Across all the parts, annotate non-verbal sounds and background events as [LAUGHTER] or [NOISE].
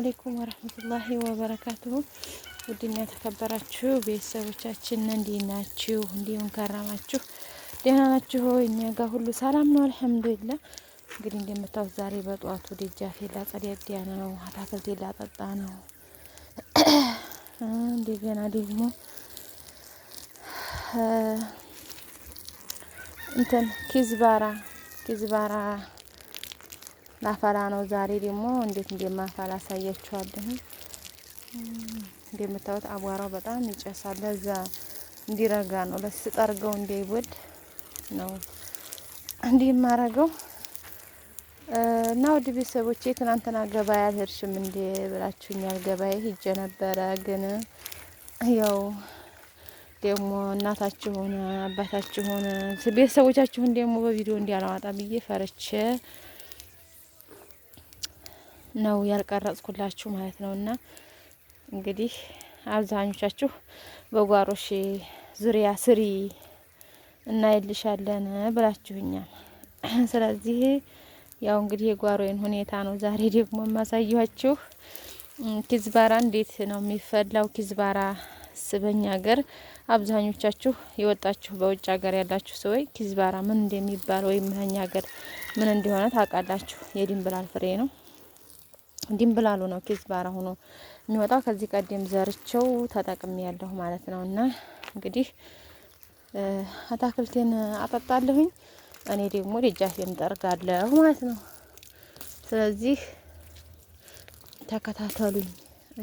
አሌይኩም ወረህመቱላሂ ወበረካቱሁ። ውድና የተከበራችሁ ቤተሰቦቻችን እንዴት ናችሁ? እንዲሁም ከረማችሁ ደህና ናችሁ? እኛ ጋር ሁሉ ሰላም ነው አልሐምዱሊላህ። እንግዲህ እንደምታዩት ዛሬ በጠዋቱ ደጃፌ ላጸዳዳ ነው፣ አታክልቴ ላጠጣ ነው። እንደገና ደግሞ እንትን ኪዝባራ ኪዝባራ ላፈላ ነው ዛሬ ደግሞ እንዴት እንደማፈላ አሳያችኋለሁ። እንደምታዩት አቧራው በጣም ይጨሳል። ለዛ እንዲረጋ ነው ለስጠርገው እንዳይወድ ነው እንዲማረገው የማረገው እና ውድ ቤተሰቦቼ ትናንትና ገበያ አልሄድሽም እንዴ ብላችሁኛል። ገበያ ሂጄ ነበረ ግን ያው ደግሞ አባታችሁ ሆነ ቤተሰቦቻችሁን ደግሞ በቪዲዮ እንዲያላዋጣ ብዬ ፈርቼ ነው ያልቀረጽኩላችሁ ማለት ነው። እና እንግዲህ አብዛኞቻችሁ በጓሮሽ ዙሪያ ስሪ እናይልሻለን ብላችሁኛል። [CLEARS THROAT] ስለዚህ ያው እንግዲህ የጓሮዬን ሁኔታ ነው ዛሬ ደግሞ የማሳያችሁ። ኪዝባራ እንዴት ነው የሚፈላው? ኪዝባራ ስበኛ ሀገር አብዛኞቻችሁ የወጣችሁ በውጭ ሀገር ያላችሁ ሰዎች ኪዝባራ ምን እንደሚባል ወይም ምህኛ ሀገር ምን እንደሆነ ታውቃላችሁ። የድንብላል ፍሬ ነው። ድንብላሉ ነው ኬዝ ባራ ሆኖ የሚወጣው። ከዚህ ቀደም ዘርቸው ተጠቅሜ ያለሁ ማለት ነው። እና እንግዲህ አታክልቴን አጠጣለሁኝ እኔ ደግሞ ደጃፌን ጠርጋለሁ ማለት ነው። ስለዚህ ተከታተሉኝ።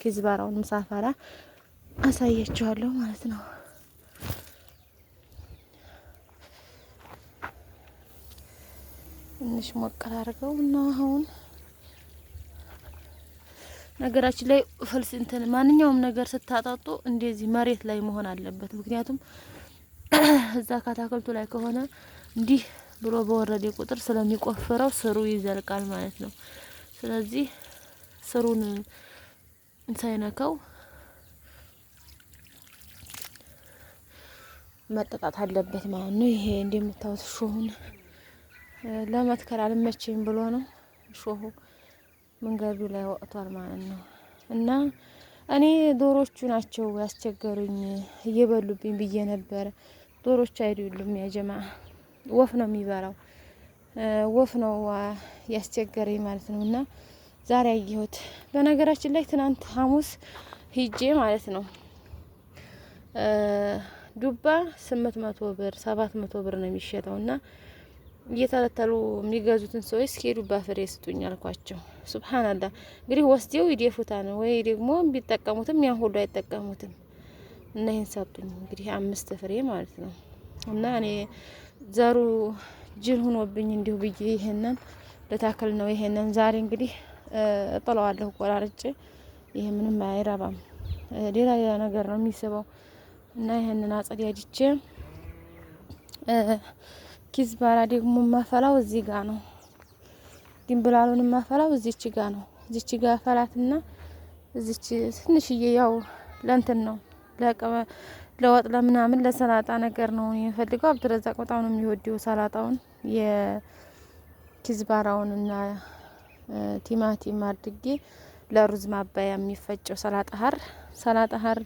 ኪዝባራውን ባራውን ምሳፋራ አሳያችኋለሁ ማለት ነው። ትንሽ ሞቀል አድርገው እና አሁን ነገራችን ላይ ፍልስ እንትን ማንኛውም ነገር ስታጠጡ እንደዚህ መሬት ላይ መሆን አለበት። ምክንያቱም [CLEARS THROAT] እዛ ካታክልቱ ላይ ከሆነ እንዲህ ብሎ በወረደ ቁጥር ስለሚቆፍረው ስሩ ይዘልቃል ማለት ነው። ስለዚህ ስሩን ሳይነካው መጠጣት አለበት ማለት ነው። ይሄ እንደምታዩት ሾሁን ለመትከል አልመቸኝ ብሎ ነው ሾሁ መንገዱ ላይ ወጥቷል ማለት ነው። እና እኔ ዶሮቹ ናቸው ያስቸገሩኝ እየበሉብኝ ብዬ ነበረ ዶሮቹ አይደሉም ያጀማ ወፍ ነው የሚበራው ወፍ ነው ያስቸገረኝ ማለት ነው። እና ዛሬ አየሁት። በነገራችን ላይ ትናንት ሐሙስ ሂጄ ማለት ነው ዱባ ስምንት መቶ ብር ሰባት መቶ ብር ነው የሚሸጠው እና እየተለተሉ የሚገዙትን ሰዎች እስኪሄዱ ባፍሬ ስጡኝ አልኳቸው። ሱብሃናላህ እንግዲህ ወስደው ነው ወይ ደግሞ ቢጠቀሙትም ያን ሁሉ አይጠቀሙትም እና ይህን ሰጡኝ እንግዲህ አምስት ፍሬ ማለት ነው። እና እኔ ዘሩ ጅል ሁኖብኝ እንዲሁ ብዬ ይሄንን ልታክል ነው። ይሄንን ዛሬ እንግዲህ እጥለዋለሁ ቆራርጬ። ይሄ ምንም አይረባም፣ ሌላ ሌላ ነገር ነው የሚስበው እና ይሄንን አጸድያጅቼ ኪዝባራ ደግሞ ማፈላው እዚህ ጋ ነው። ድንብላሉን ማፈላው እዚች ጋ ነው። እዚች ጋ ፈላትና እዚች ትንሽዬ ያው ለእንትን ነው ለወጥ ለምናምን ለሰላጣ ነገር ነው የሚፈልገው። አብድረዛቅ በጣም ነው የሚወደው ሰላጣውን የኪዝባራውን እና ቲማቲም አድርጌ ለሩዝ ማባያ የሚፈጨው ሰላጣ ሀር ሰላጣ ሀር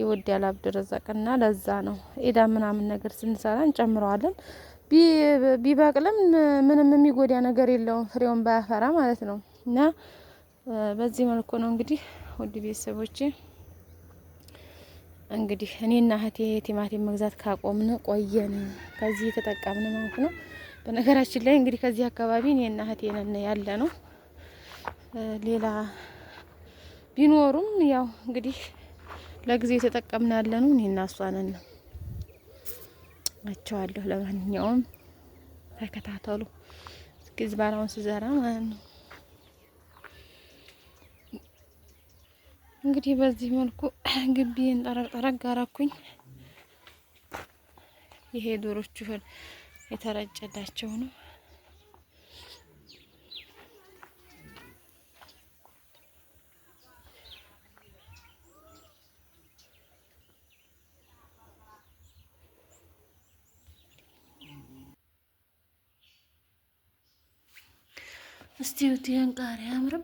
ይወዳል አብድረዛቅና ለዛ ነው ኤዳ ምናምን ነገር ስንሰራ እንጨምረዋለን። ቢበቅልም ምንም የሚጎዳ ነገር የለውም ፍሬውን ባያፈራ ማለት ነው። እና በዚህ መልኩ ነው እንግዲህ ውድ ቤተሰቦቼ እንግዲህ እኔና እህቴ ቲማቲም መግዛት ካቆምን ቆየን። ከዚህ የተጠቀምን ማለት ነው። በነገራችን ላይ እንግዲህ ከዚህ አካባቢ እኔና እህቴ ነን ያለ ነው። ሌላ ቢኖሩም ያው እንግዲህ ለጊዜ የተጠቀምን ያለ ነው እኔና እሷ ነን። እላቸዋለሁ። ለማንኛውም ተከታተሉ። እስኪ ዝባራውን ስዘራ ማለት ነው። እንግዲህ በዚህ መልኩ ግቢን ጠረቅ ጠረቅ ጋራኩኝ። ይሄ ዶሮቹ የተረጨላቸው ነው። እስቲ ይህን ቃሪያ አያምርም?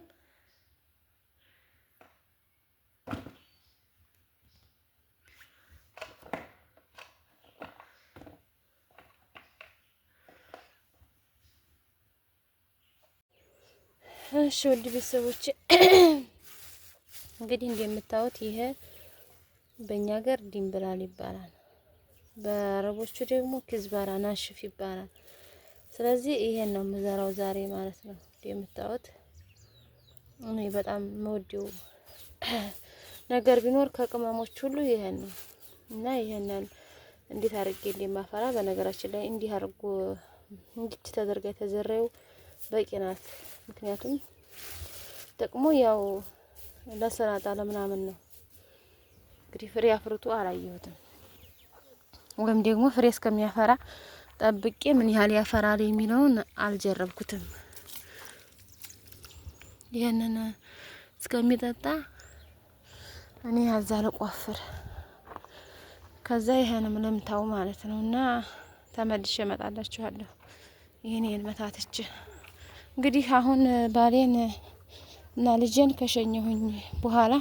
እሺ ውድ ቤተሰቦች እንግዲህ እንደምታዩት ይሄ በእኛ ሀገር ዲምብላል ይባላል። በአረቦቹ ደግሞ ክዝባራ ናሽፍ ይባላል። ስለዚህ ይሄን ነው የምዘራው ዛሬ ማለት ነው። የምታዩት እኔ በጣም መወደው ነገር ቢኖር ከቅመሞች ሁሉ ይሄን ነው እና ይሄንን እንዴት አድርጌ እንደማፈራ በነገራችን ላይ እንዲህ አድርጎ እንግጭ ተደርጋ የተዘራው በቂ ናት። ምክንያቱም ጥቅሙ ያው ለሰላጣ ለምናምን ነው። እንግዲህ ፍሬ አፍርቶ አላየሁትም፣ ወይም ደግሞ ፍሬ እስከሚያፈራ ጠብቄ ምን ያህል ያፈራል የሚለውን አልጀረብኩትም። ይህንን እስከሚጠጣ እኔ ያዛ ልቆፍር፣ ከዛ ይህንም ልምታው ማለት ነው። እና ተመልሼ እመጣላችኋለሁ። ይህን መታትች እንግዲህ አሁን ባሌን እና ልጄን ከሸኘሁኝ በኋላ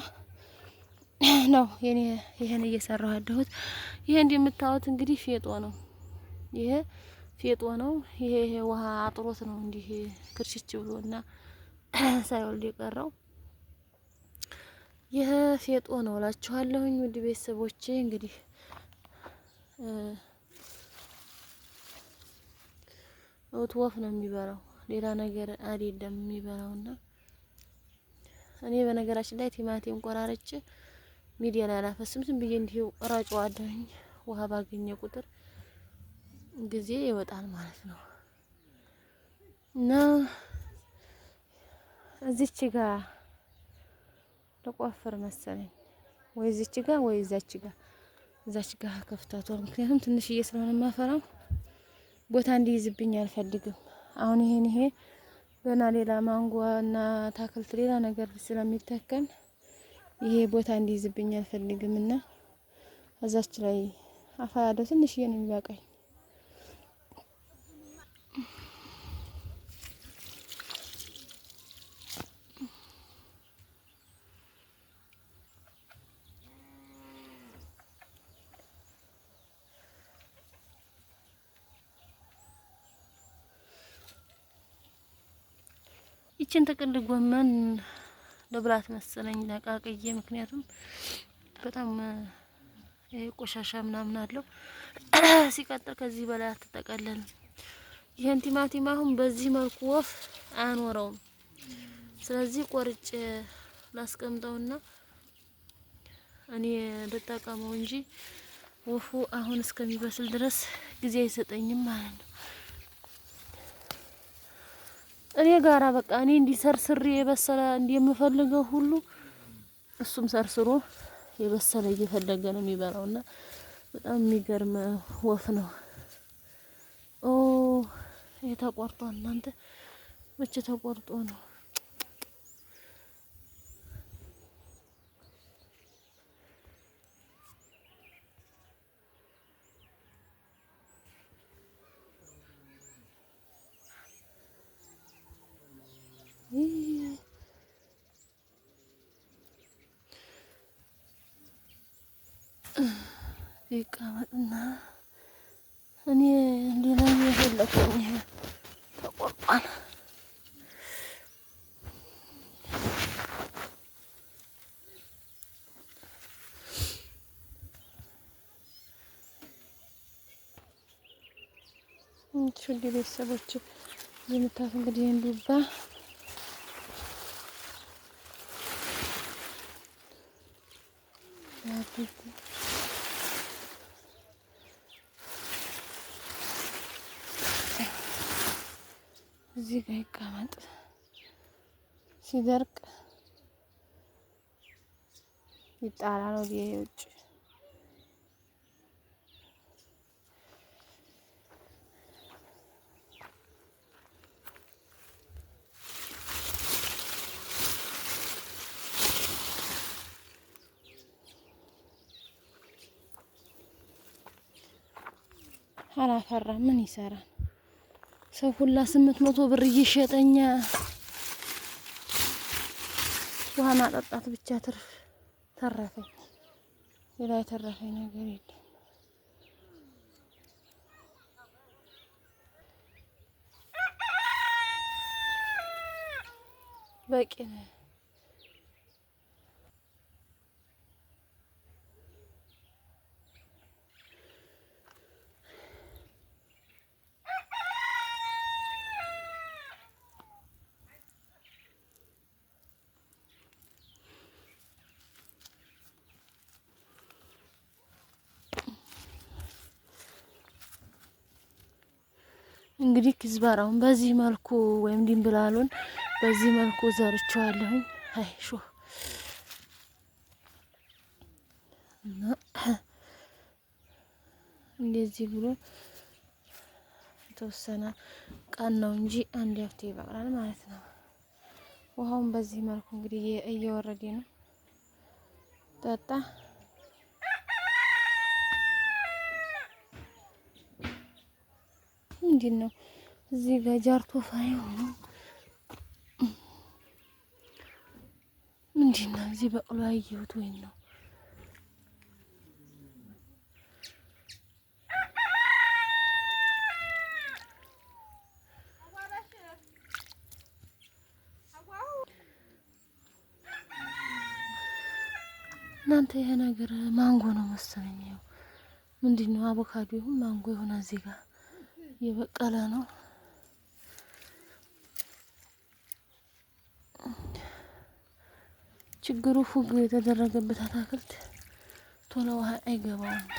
ነው ይህን እየሰራሁ ያለሁት። ይሄ እንደምታዩት እንግዲህ ፌጦ ነው። ይሄ ፌጦ ነው። ይሄ ውሃ አጥሮት ነው እንዲህ ክርችች ብሎና [CLEARS THROAT] ሳይወልድ የቀረው ይህ ፌጦ ነው እላችኋለሁኝ። ውድ ቤተሰቦቼ እንግዲህ ኦት ወፍ ነው የሚበላው፣ ሌላ ነገር አይደለም እና እኔ በነገራችን ላይ ቲማቲም ቆራርጬ ሚዲያ ላይ አላፈስም። ዝም ብዬ እንዲሁ እራጨዋለሁኝ። ውሃ ባገኘ ቁጥር ጊዜ ይወጣል ማለት ነው እና እዚች ጋ ልቆፍር መሰለኝ ወይ እዚች ጋ ወይ እዛች ጋ እዛች ጋ ከፍታቷል። ምክንያቱም ትንሽዬ ስለሆነ ማፈራው ቦታ እንዲይዝብኝ አልፈልግም። አሁን ይሄን ይሄ ገና ሌላ ማንጓ እና ታክልት ሌላ ነገር ስለሚተከል ይሄ ቦታ እንዲይዝብኝ አልፈልግም እና እዛች ላይ አፈራለሁ። ትንሽዬ ነው የሚበቃኝ። ይችን ጥቅል ጎመን ለብላት መሰለኝ ነቃቅዬ፣ ምክንያቱም በጣም ቆሻሻ ምናምን አለው። [CLEARS THROAT] ሲቀጥል ከዚህ በላይ አትጠቀለልም። ይህን ቲማቲም አሁን በዚህ መልኩ ወፍ አያኖረውም። ስለዚህ ቆርጭ ላስቀምጠውና እኔ ልጠቀመው እንጂ ወፉ አሁን እስከሚበስል ድረስ ጊዜ አይሰጠኝም ማለት ነው። እኔ ጋራ በቃ እኔ እንዲሰርስሬ የበሰለ እንደምፈልገው ሁሉ እሱም ሰርስሮ የበሰለ እየፈለገ ነው እና በጣም የሚገርም ወፍ ነው። ኦ ይሄ እናንተ መቼ ተቆርጦ ነው? ይቀመጥና እኔ ሌላ የፈለኩኝ ተቆርቋል። ቤተሰቦች የምታዩት እንግዲህ ዱባ እዚህ ጋር ይቀመጥ። ሲደርቅ ይጣላል ወዲያ ውጭ። አላፈራ ምን ይሰራል? ሰው ሁላ ስምንት መቶ ብር እየሸጠኛ ውሃ ማጠጣት ብቻ ትርፍ ተረፈኝ። ሌላ የተረፈኝ ነገር የለም። በቂ ነው። እንግዲህ ክዝበራውን በዚህ መልኩ ወይም ድንብላሉን በዚህ መልኩ ዘርቸዋለሁኝ። አይ ሹ እንደዚህ ብሎ የተወሰነ ቀን ነው እንጂ አንድ ያፍቴ ይበቅላል ማለት ነው። ውሃውን በዚህ መልኩ እንግዲህ እየወረደ ነው ጠጣ ምንድን ነው እዚህ ጋር ጃርቶ ፋይ ምንድን ነው እዚህ በቅሎ ያየሁት ወይም ነው እናንተ ይሄ ነገር ማንጎ ነው መሰለኝ። ያው ምንድን ነው አቮካዶ ይሁን ማንጎ ይሁን እዚህ ጋር እየበቀለ ነው። ችግሩ ፉግ የተደረገበት አታክልት ቶሎ ውሃ አይገባውም።